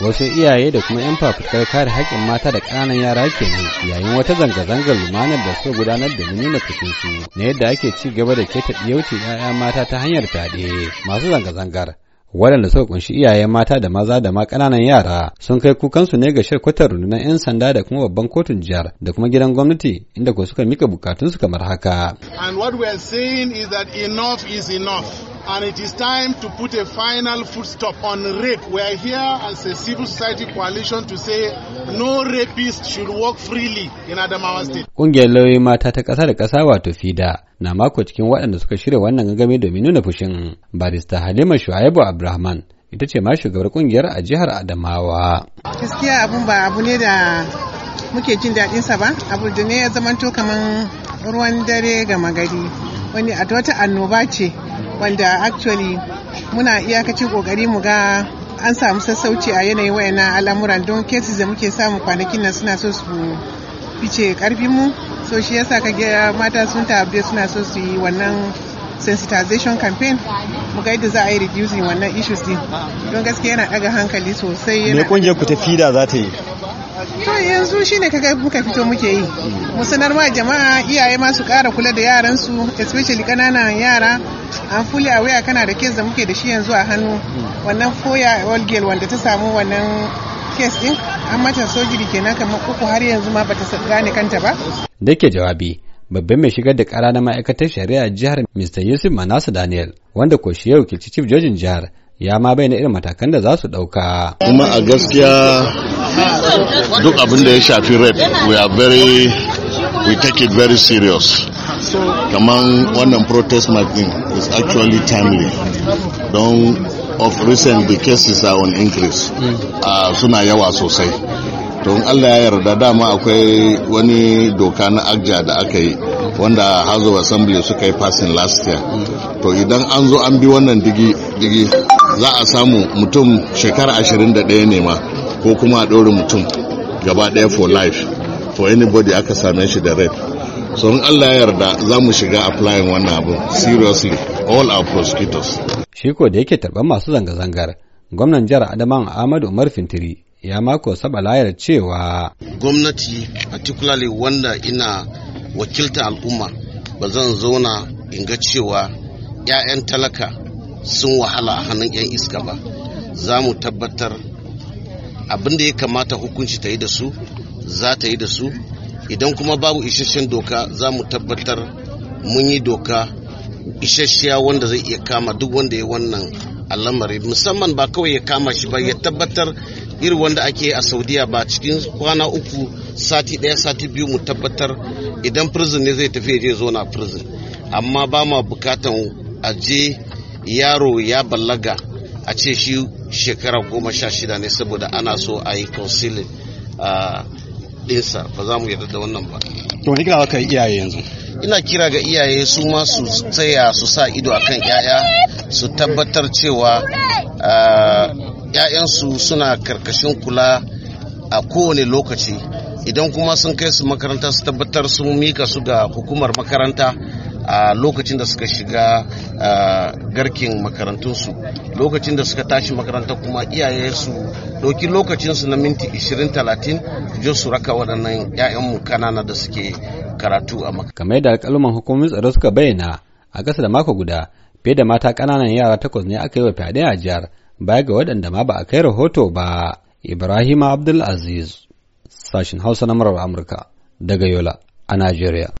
wasu iyaye da kuma 'yan fafutukar kare haƙƙin mata da ƙananan yara ke ne, yayin wata zanga-zangar lumanar da suka gudanar da nuna su na yadda ake ci gaba da keta ɗiyauci 'ya'ya mata ta hanyar fyaɗe masu zanga-zangar waɗanda suka ƙunshi iyaye mata da maza da ma ƙananan yara sun kai kukansu ne ga shirkwatar rundunar 'yan sanda da kuma babban kotun jihar da kuma gidan gwamnati inda ko suka mika bukatunsu kamar haka. And what we are saying is that enough is enough. and it is time to put a final foot stop on rape. We are here as a civil society coalition to say no rapist should work freely in Adamawa state. Ƙungiyar lauyi mata ta ƙasa da ƙasa wato FIDA na mako cikin waɗanda suka shirya wannan gangami domin nuna fushin barista Halima Shu'aibu Abdulrahman ita ce ma shugabar ƙungiyar a jihar Adamawa. Gaskiya abun ba abu ne da muke jin daɗin sa ba, abu da ne ya zamanto kamar ruwan dare ga magari. Wani a wata annoba ce wanda actually muna iyakacin kokari mu ga an samu sassauci a yanayin wayannan al'amuran don cases da muke samu kwanakin nan suna so su fice karfin mu so shi yasa ga mata sun tabe suna so su yi wannan sensitization campaign mu ga yadda za a yi reducing wannan issues din don gaskiya yana daga hankali sosai me kungiyar ku ta fida za ta yi to yanzu shine kaga muka fito muke yi mu wa jama'a iyaye masu kara kula da yaran su especially kananan yara an fuli a waya kana da kes da muke da shi yanzu a hannu wannan foya old girl wanda ta samu wannan kes din an mata sojiri kenan kamar uku har yanzu ma bata gane kanta ba da ke jawabi babban mai shigar da kara na ma'aikatar shari'a jihar Mr. Yusuf manasu Daniel wanda ko shi yau kilci chief jojin jihar ya ma bayyana irin matakan da za su ɗauka. Kuma a gaskiya duk abinda ya shafi red we are very we take it very serious kaman wannan protest march is actually timely don of recent the cases are on increase uh, suna yawa sosai don allah ya yarda dama akwai wani doka na agja da aka yi wanda hazo assembly suka yi passing last year to idan an zo an bi wannan digi za a samu mutum shekara 21 ne ma ko kuma a ɗore mutum gaba ɗaya for life for anybody aka same shi da rape so in Allah ya yarda za mu shiga applying wannan abu seriously all our prosecutors shi ko da yake tarban masu zanga-zangar gwamnan jihar adaman Ahmadu Umar Fintiri ya mako saba layar cewa gwamnati particularly wanda ina wakilta al'umma ba zan zauna in ga cewa 'ya'yan talaka sun wahala a hannun 'yan iska ba za mu tabbatar abin da ya kamata hukunci ta yi da su za ta yi da su idan kuma babu isasshen doka za mu tabbatar mun yi doka isasshiya wanda zai iya kama duk wanda ya wannan al'amari musamman ba kawai ya kama shi ba ya tabbatar iri wanda ake a saudiya ba cikin kwana uku sati ɗaya sati biyu mu tabbatar idan prison ne zai tafi je zona na prison amma ba ma bukatan a je yaro ya ballaga a ce shi shekara goma sha shida ne saboda ana so a yi a ɗinsa ba za mu yarda da wannan ba to wani kira ka iyaye yanzu ina kira ga iyaye su ma su tsaya su sa ido a kan 'ya'ya su tabbatar cewa ‘ya'yansu suna karkashin kula a kowane lokaci idan kuma sun kai su makaranta su tabbatar sun mika su ga hukumar makaranta a lokacin da suka shiga garkin makarantunsu lokacin da suka tashi makaranta kuma iyaye su doki lokacinsu na minti 20-30 je su raka waɗannan 'ya'yanmu kanana da suke karatu a makaranta. kamar yadda alƙaluman hukumomin tsaro suka bayyana a ƙasa da mako guda fiye da mata ƙananan yara takwas ne aka yi wa fyaɗe a jihar baya ga waɗanda ma ba a kai rahoto ba ibrahima abdulaziz sashen hausa na murar amurka daga yola a najeriya